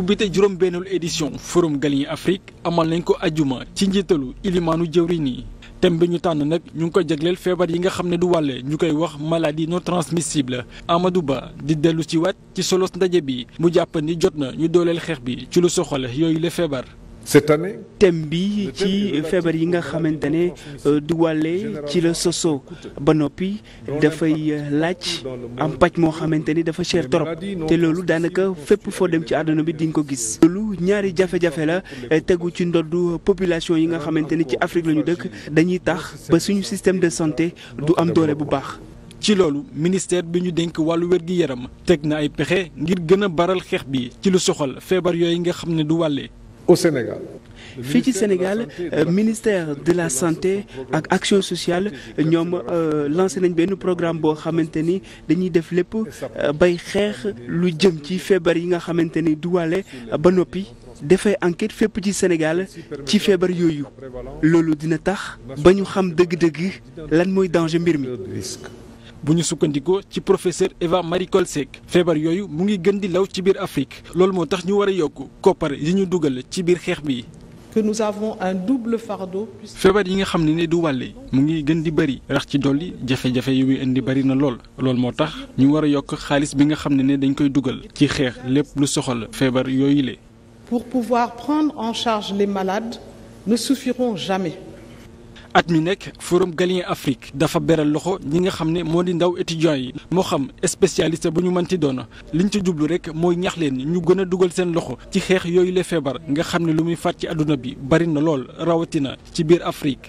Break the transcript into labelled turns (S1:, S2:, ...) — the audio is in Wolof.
S1: ubbite juróom-benneelu édition forum Galien Afrique amal nañ ko ajuma ci njiitalu ilimaanu jëwriñ yi thème bi ñu tànn nag ñu ngi ko jagleel feebar yi nga xam ne du wàlle ñu koy wax maladie non transmissible Amadou Ba di dellu ci waat ci solos ndaje bi mu jàpp ni jot na ñu dooleel xeex bi ci lu soxal yooyu la feebar. cette année bi ci feebar yi nga
S2: xamante ne euh, du wàlle ci la soso ba noppi dafay euh, laaj am paj moo xamante ni dafa cher trop te loolu daanaka fépp foo dem ci àdduna bi di nga ko gis. loolu ñaari jafe-jafe la euh, tegu ci ndoddu population yi nga xamante ni ci Afrique
S1: lañu dëkk dañuy tax ba suñu système de santé du am doole bu baax. ci loolu ministère bi ñu dénk wàllu wér gi yaram teg na ay pexe ngir gën a baral xeex bi ci lu soxal feebar yooyu nga xam ne du wàlle. au Sénégal. fii ci Sénégal euh, ministère
S2: de la santé ak action sociale ñoom euh, lancé nañ benn programme boo xamante ni dañuy def lépp euh, bay xeex lu jëm ci feebar yi nga xamante ni duwale ba noppi dafay enquête fépp ci Sénégal ci feebar yooyu loolu dina
S1: tax ba ñu xam dëgg-dëgg lan mooy danger mbir mi. bu ñu sukkandiku ci professeur Eva Marie Coll Seck feebar yooyu mu ngi gën di law ci biir Afrique loolu moo tax ñu war a yokk koppar yi ñu dugal ci biir xeex bi. que
S2: nous avons un
S1: double feebar yi nga xam ne ni du wàlle mu ngi gën di bëri rax ci dolli jafe-jafe yu muy indi bëri na lool loolu moo tax ñu war a yokk xaalis bi nga xam ne ne dañ koy dugal ci xeex lépp lu soxal feebar yooyu le
S2: pour pouvoir prendre en charge les malades ne suffiront jamais.
S1: at mi nekk forum galin Afrique dafa beral loxo ñi nga xam ne moo di ndaw étudiants yi moo xam spécialiste bu ñu mënti doon liñ ci jublu rek mooy ñax leen ñu gën a dugal seen loxo ci xeex yooyu la feebar nga xam ne lu muy faat ci àdduna bi bari na lool rawatina ci biir Afrique.